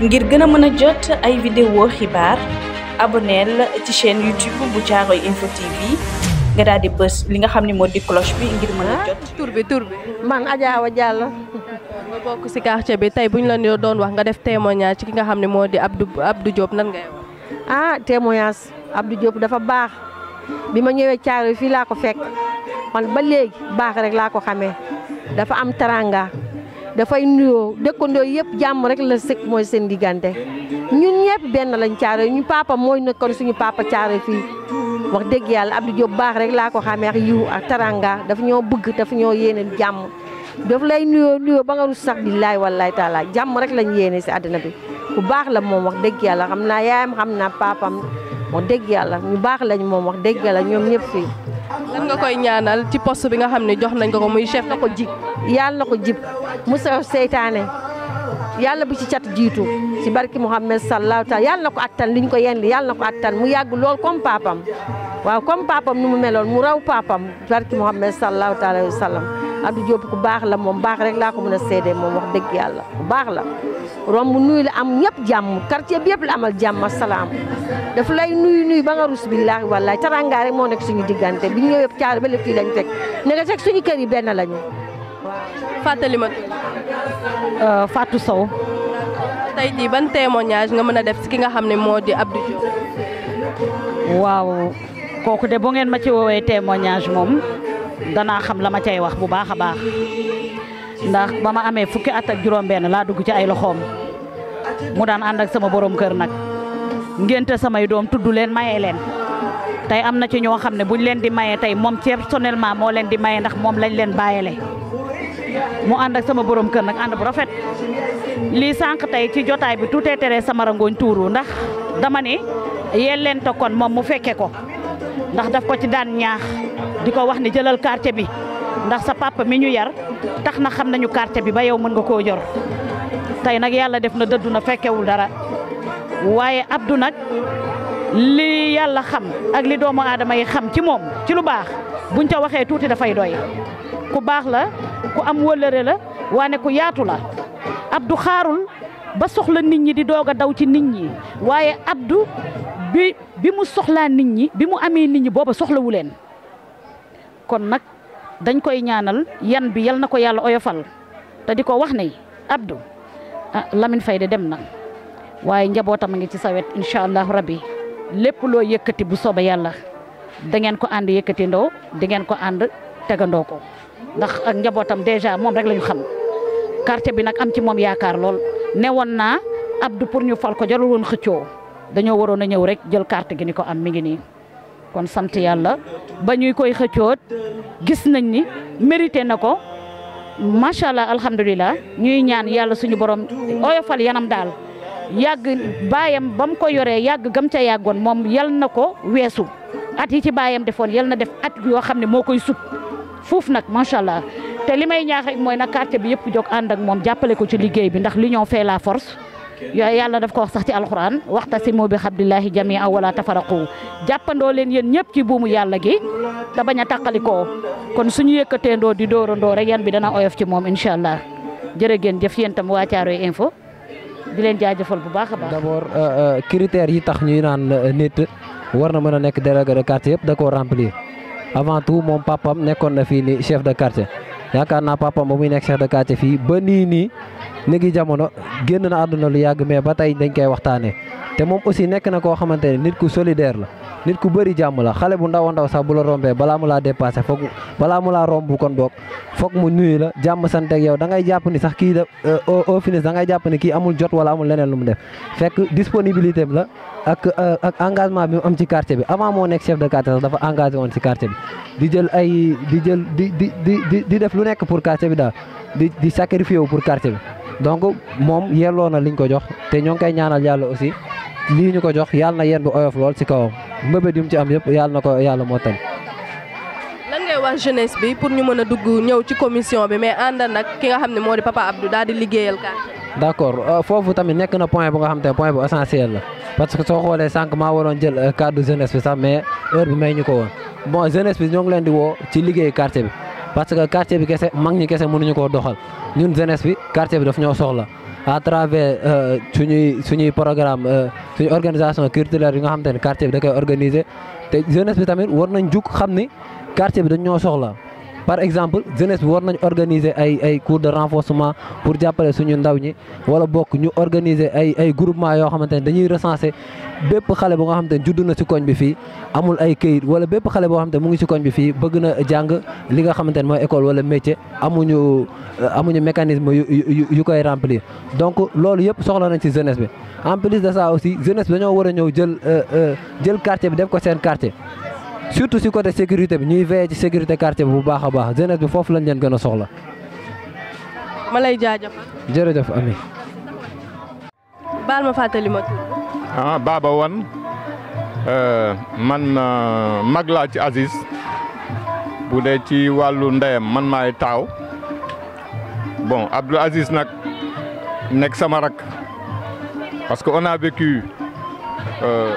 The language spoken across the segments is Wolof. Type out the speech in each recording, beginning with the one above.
ngir gëna mëna jot ay vidéo xibaar abonnel ci chaîne YouTube bu Caaroy info TV nga daal di bëss li nga xamni mo di cloche bi ngir mëna jot. Ah, tour bi tour bi man Adja Awa Diallo. nga bokku ci quartier bi buñ la ñu doon wax nga def témoignage ci ki nga xamni mo di Abdou Abdou Diop nan ngay wax. ah témoignage Abdou Diop dafa baax bima ñëwé ñëwee fi la ko fekk man ba légui baax rek la ko xamé dafa am teranga. dafay nuyoo dëkkandoo yëpp jàmm rek la sëkk mooy seen diggante ñun ñëpp benn lañ caaro ñu paapam mooy nekkoon suñu papa caaro fii wax dëgg yàlla Abdou Diop baax rek laa ko xamee ak yiw ak taranga dafa ñoo bëgg dafa ñoo yéene jàmm daf lay nuyoo nuyoo ba nga rus sax billaay wallaay taala jàmm rek lañ yéene si àddina bi bu baax la moom wax dëgg yàlla xam naa yaayam xam naa paapam moo dégg yàlla ñu baax lañ moom wax dëgg yàlla ñoom ñëpp fii. lan ci poste bi nga xam ne jox nañ ko ko muy chef. na ko jib yàlla na ko jib musa seytaane yàlla bu ci cat jiitu ci barki Muhammad sallallahu taala yàlla na ko attan liñ ko yenn yàlla na ko attan mu yàgg lool comme papam waaw comme papam nu mu meloon mu raw paapam barki Muhammad sallallahu taala wa sallam Abdou Diop ku baax la moom baax rek laa ko mën a seede moom wax dëgg yàlla ku baax la romb nuy la am ñëpp jàmm quartier bi yëpp la amal jàmm salaam daf lay nuyu nuy ba nga rus billaahi wallaahi tarangaa rek moo nekk suñu diggante bi ñu ñëwee caar ba lépp fii suñu kër yi benn lañu fàttali ma euh, Fatou Sow. tey jii ban témoignage nga mën a def si ki nga xam ne moo di Abdou Diouf. waaw kooku de boo ngeen ma ci woowee témoignage moom danaa xam la ma cay wax bu baax a baax ndax ba ma amee fukki at ak juróom-benn laa dugg ci ay loxoom mu daan ànd ak sama borom kër nag ngénte samay doom tudd leen maye leen. tey am na ci ñoo xam ne buñ leen di maye tey moom personnellement moo leen di maye ndax moom lañ leen bàyyele mu and ak sama borom kër nak and bu rafet li sank tay ci jotay bi touté téré sama rangoñ touru ndax dama né yelleen tokon kon moom mu féké ko ndax daf ko ci daan ñaax di wax ni jëlal quartier bi ndax sa papa mi ñu yar tax na xam nañu quartier bi ba yow mën nga ko jor tay nak yalla def na dëddu na fekkewul dara waye Abdou nak li yalla xam ak li doomu adamay xam ci mom ci lu bax buñ da fay doy ku bax la ku am wëllëre la waane ku yaatu la Abdou kharul ba soxla nit ñi di doga daw ci nit ñi waye Abdou bi bi mu soxla nit ñi bi mu amé nit ñi soxla wu len kon nak dañ koy ñaanal yan bi yal nako yalla oyofal ta diko wax ne Abdou ah Lamine Faye dem nak waye njabootam a ngi ci sawet inshallah rabbi lepp lo yëkkati bu soba yalla da ngeen ko and yëkkati ndo di ngeen ko and tegandoko ndax ak njabootam déjà moom rek la ñu xam quartier bi nag am ci moom yaakaar lool ne newoon naa Abdou pour ñu fal ko jarul woon xëccoo dañoo waroon a ñëw rek jël carte gi ni ko am mi ngi nii kon sant yàlla ba ñuy koy xëccoot gis nañ ni mérité na ko macha allah alhamdulilah ñuy ñaan yàlla suñu borom oyofal yanam daal yàgg baayam ba mu ko yoree yàgg gam ca yàggoon moom yal na ko weesu at yi ci baayam defoon yal na def at yoo xam ne moo koy sut fouf nak machallah allah te li ñaax rek moy na quartier bi yépp jóg and ak mom jappalé ko ci liggéey bi ndax l'union fait la force. ya yalla daf ko wax sax ci alxuraan simu bi hablillahi jami'a wala tafaraqu jappando len yeen ñepp ci boomu yalla gi da baña takaliko kon suñu ndo di ndo rek yeen bi dana oyof ci mom inshallah allah jërë ngeen jëf tam waa info di len jaajeufal bu baaxa baax. d'abord euh, euh, critère yi tax ñuy nan euh, net war na nek délégué de quartier yëpp da ko remplir. avant tout moom papam nekkoon na fii ni chef de quartier yaakaar naa papam ba muy nekk chef de quartier fii ba nii nii léegi jamono génn na àdduna lu yàgg mais ba tey dañ koy waxtaanee te moom aussi nekk na koo xamante ne nit ku solidaire la. nit ku bëri jàmm la xale bu ndaw ndaw sax bu la rombee balaa mu laa dépassé foog balaa mu laa romb kon boog foog mu nuyu la jàmm sant ak yow da ngay jàpp ni sax kii da euh, au finish da ngay jàpp ni kii amul jot wala amul leneen lu mu def fekk disponibilité bi la ak euh, ak engagement bi mu am ci quartier bi avant moo nekk chef de quartier sax engagé woon ci quartier di jël ay di jël di di di di def lu nekk pour quartier bi daal di di sacrifié wu pour quartier bi donc moom yelloo na liñ ko jox te ñoo ngi koy ñaanal yàlla aussi lii ñu ko jox yàlla na yéen bi oyof lool ci kawam mbëbët mu ci am yëpp yàlla na ko yàlla moo tam lan wax jeunesse bi pour ñu mën a dugg ñëw ci commission bi mais ànd nag ki nga xam ne moo di papa Abdou daal di liggéeyal quartier. d' accord euh, foofu tamit nekk na point bu nga xam te point bu essentiel la parce que soo xoolee sànq maa waroon jël euh, cadre jeunesse bi sax mais heure bi may ñu ko woon bon jeunesse bi ñoo ngi leen di woo ci liggéey quartier bi parce que bi kese mag ñi kese mënuñu koo doxal ñun jeunesse bi quartier bi daf ñoo soxla. à travers euh, suñuy suñuy programme euh, suñu organisation culturelle yi nga xamante ne quartier bi da koy organiser te jeunesse bi tamit war nañ jug xam ni quartier bi dañ ñoo soxla. par exemple jeunesse bi war nañ organiser ay ay cours de renforcement pour jàppale suñu ndaw ñi wala bokk ñu organiser ay ay groupement yoo xamante ne dañuy recenser bépp xale boo nga xamante ne judd na ci koñ bi fii amul ay këyit wala bépp xale boo xamante ne mu ngi ci koñ bi fii bëgg na jàng li nga xamante ne mooy école wala métier amuñu amuñu mécanisme yu yu koy remplir donc loolu yëpp soxla nañ si jeunesse bi en plus de ça aussi jeunesse bi dañoo war a ñëw jël euh, euh, jël quartier bi def ko seen quartier surtout si côté sécurité bi sécurité quartier bu sécurité baax bi soxla. ma ma ah Baba Wan euh, man euh, magla Aziz bu ci man bon Abdou Aziz sama parce qu'on a vécu. Euh,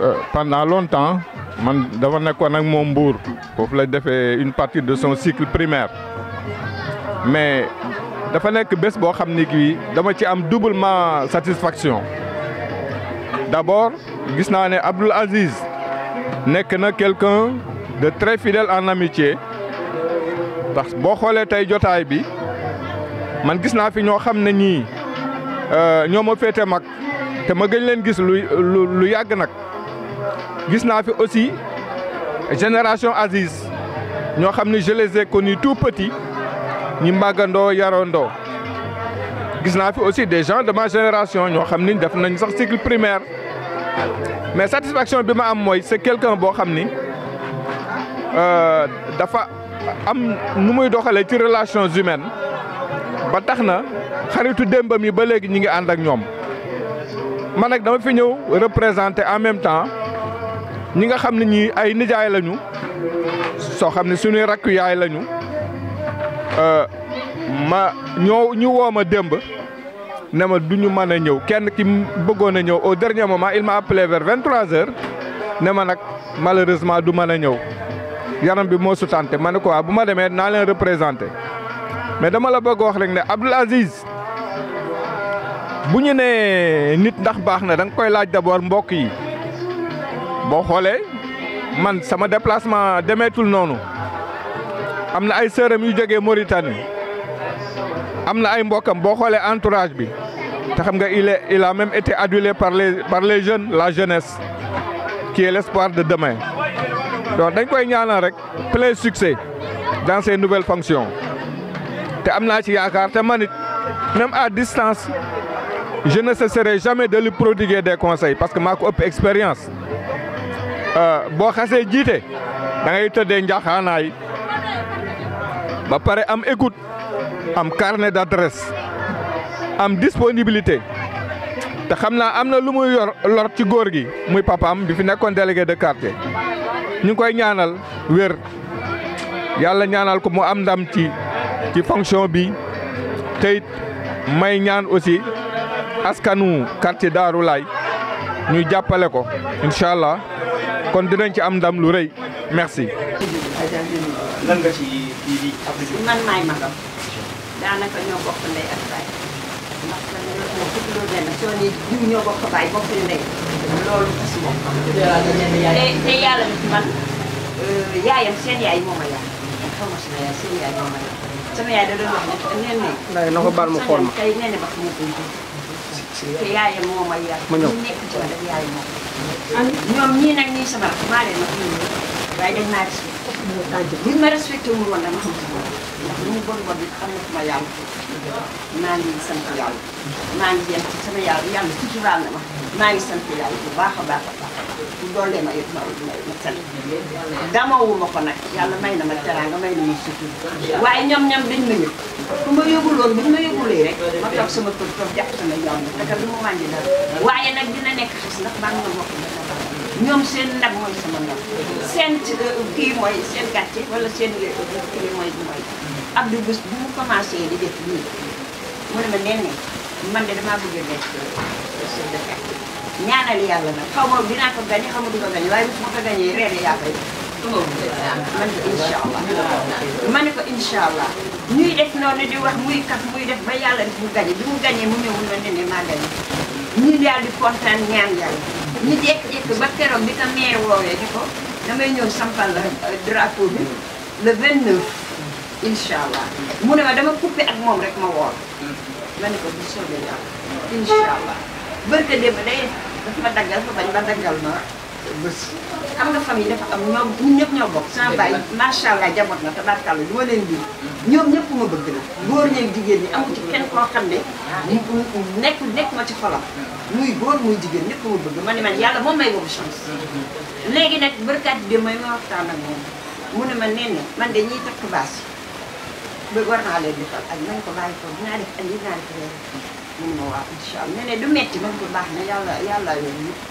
euh, pendant longtemps man dafa nekkoon ak moom Mbour faire la une partie de son cycle primaire mais dafa nekk bés boo xam ni kii dama ci am doublement satisfaction d'abord gis naa ne Abdoul Aziz nekk na quelqu'un de très fidèle en amitié ndax beaucoup les tey jotaay bi man gis na fi ñoo xamné ni euh ñoo mo fété mag te ma gën leen gis lu lu yag nak nous avons aussi aussi génération Aziz je les ai connus tout petits, nous màggandoo yarandoo gis aussi des gens de ma génération Nous def cycle primaire mais satisfaction de c'est quelqu'un qui a Euh, dafa am numuy doxale ci relations humaines ba taxna xaritu ba légui ñi ngi and représenter en même temps ñi nga xam ne ñii ay nijaay lañu soo xam ne suñuy rakku yaay lañu euh, ma ñoo ñu woo ma démb ne ma du ñu mën a ñëw kenn ki bëggoon a ñëw au dernier moment il m'a appelé vers 23 heures ne ma nag malheureusement du mën a ñëw yaram bi moo sutante ma ne ko waa bu ma demee naa leen représenté mais dama la bëgg wax rek ne Abdoul Aziz bu ñu nee nit ndax baax na da koy laaj d'abord mbokk yi. boo xolé man sama déplacement demeetul noonu am na ay sëram yu jógee Mauritanie amna ay mbokam bo xolé entourage bi te xam nga il est il a même été adulé par les par les jeunes la jeunesse qui est l'espoir de demain donc dañ koy ñaanal rek plein succès dans ses nouvelles fonctions te amna ci yaakaar te manit même à distance je ne cesserai jamais de lui prodiguer des conseils parce que ma ko expérience Euh, boo xasee jiite da ngay tëddee njaxaanaay ba pare am écoute am carnet d'adresse am disponibilité te xam naa am na lu muy yor lor ci góor gi muy papaam bi fi nekkoon délégué de quartier ñu ngi koy ñaanal wér yàlla ñaanal ko mu am ndam ci ci fonction bi teyit may ñaan aussi askanu quartier Darou Laye ñu jàppale ko incha allah kon dinañ ci am ndam lu rëy merci. lan nga ci di man maay magam daanaka ñoo bokk ndey ak baay ndax ñoo bokk loolu benn soo ne jiw ñoo bokk baay bokk ndey loolu fas moom. te te yàlla na ci man euh, yaayam seen yaay moo ma yaay xaw ma sama yaay seen yaay moo ma yaay sama yaay da doon wax ne nee na. ndax na ko baal mu xool ma tey nee na ba xam nga te yaayam moo ma yar. ma ñëw nekk ñoom ñii nag ñuy sama maa leen wax ñun waaye dañ maa respecté. buñ ma respecté wul woon dama xam lu mu bon bon nag xam na yàlla. maa ngi sant yàlla. maa ngi yem ci sama yàlla yàlla suturaal na ma. maa ngi sant yàlla bu baax a baax a baax. doole ma ma ko nag yàlla may na ma teraanga may na ma sutur waaye ñam-ñam dañ ma yëg bu ma yóbbul woon bu ñu ma yóbbulee rek ma toog sama kër toog jàpp sama yoon bi te du ma waaye nag dina nekk xis ndax maa ngi ma bokk ñoom seen nag mooy sama nag seen kii mooy seen gàcce wala seen kii mooy mooy Abdou bés bu mu commencé di def nii mu ne ma nee man de damaa bëgg a def chef de quartier ñaanal yàlla nag xaw ma dinaa ko gañe xaw ma du ko gañe waaye bu ma ko gañee reer yi yàlla yi. man ko incha allah. ko incha allah. ñuy def noonu di wax muy kaf muy def ba yàlla def mu gañe bi mu gañee mu ñëw na ne maa gañe. ñu daal di kontaan ñaan yàlla. ñu jékki-jékki ba keroog bi ko mee woowee di ko damay ñëw sampal la euh, drapeau bi le 29. incha allah mu ne dama coupé ak moom rek ma woor. ma ne ko bu soobee yàlla incha barke démb day dafa daggal fa bañ ba daggal ma bés xam nga famille dafa am ñoom ñun ñëpp ñoo bokk sama baay macha allah jaboot na te barkàlla li ma leen di ñoom ñëpp ma bëgg la góor ñeeg jigéen ñi amu ci kenn koo xam ne nekk nekk ma ci xolam muy góor muy jigéen ñëpp ma bëgg ma ne man yàlla moom may boobu chance léegi nag barkaat bi may ma waxtaan ak moom mu ne ma nee na man de ñiy takk baas yi war naa leen di fal ak man ko bàyyi ko dinaa def ak dinaa def mun ma waaw incha allah ne du metti man ko baax na yàlla yàlla yooyu yëpp.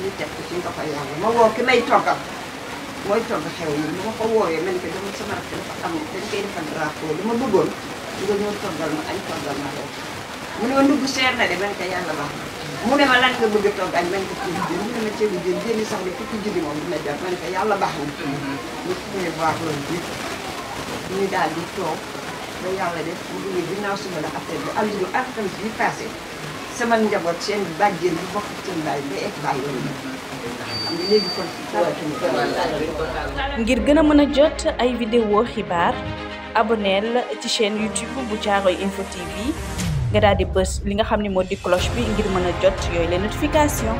ñu teg ko ci ndox ak yàlla ma woo ki may toggal mooy togg xew yi bu ma ko wooyee man ko dama sama rakk dafa am dañ koy defal drapeau dama bëggoon nga ñëw toggal ma añ toggal ma mu ne ma ndugg na de man ko yàlla baax na. mu ne ma lan nga bëgg a togg añ man ko ceebu jën mu ne ma ceebu jën ne fukki jar man ko yàlla baax na. ñu fi muy baax loolu yëpp ñu daal di toog. ba yàlla def bu njaboot seen bàjjen bi bokk seen ngir gën a mën a jot ay vidéo xibaar aboneel ci chaîne YouTube bu Caaroy info TV nga daal di bës li nga xam ne moo di cloche bi ngir mën a jot yooyu les notification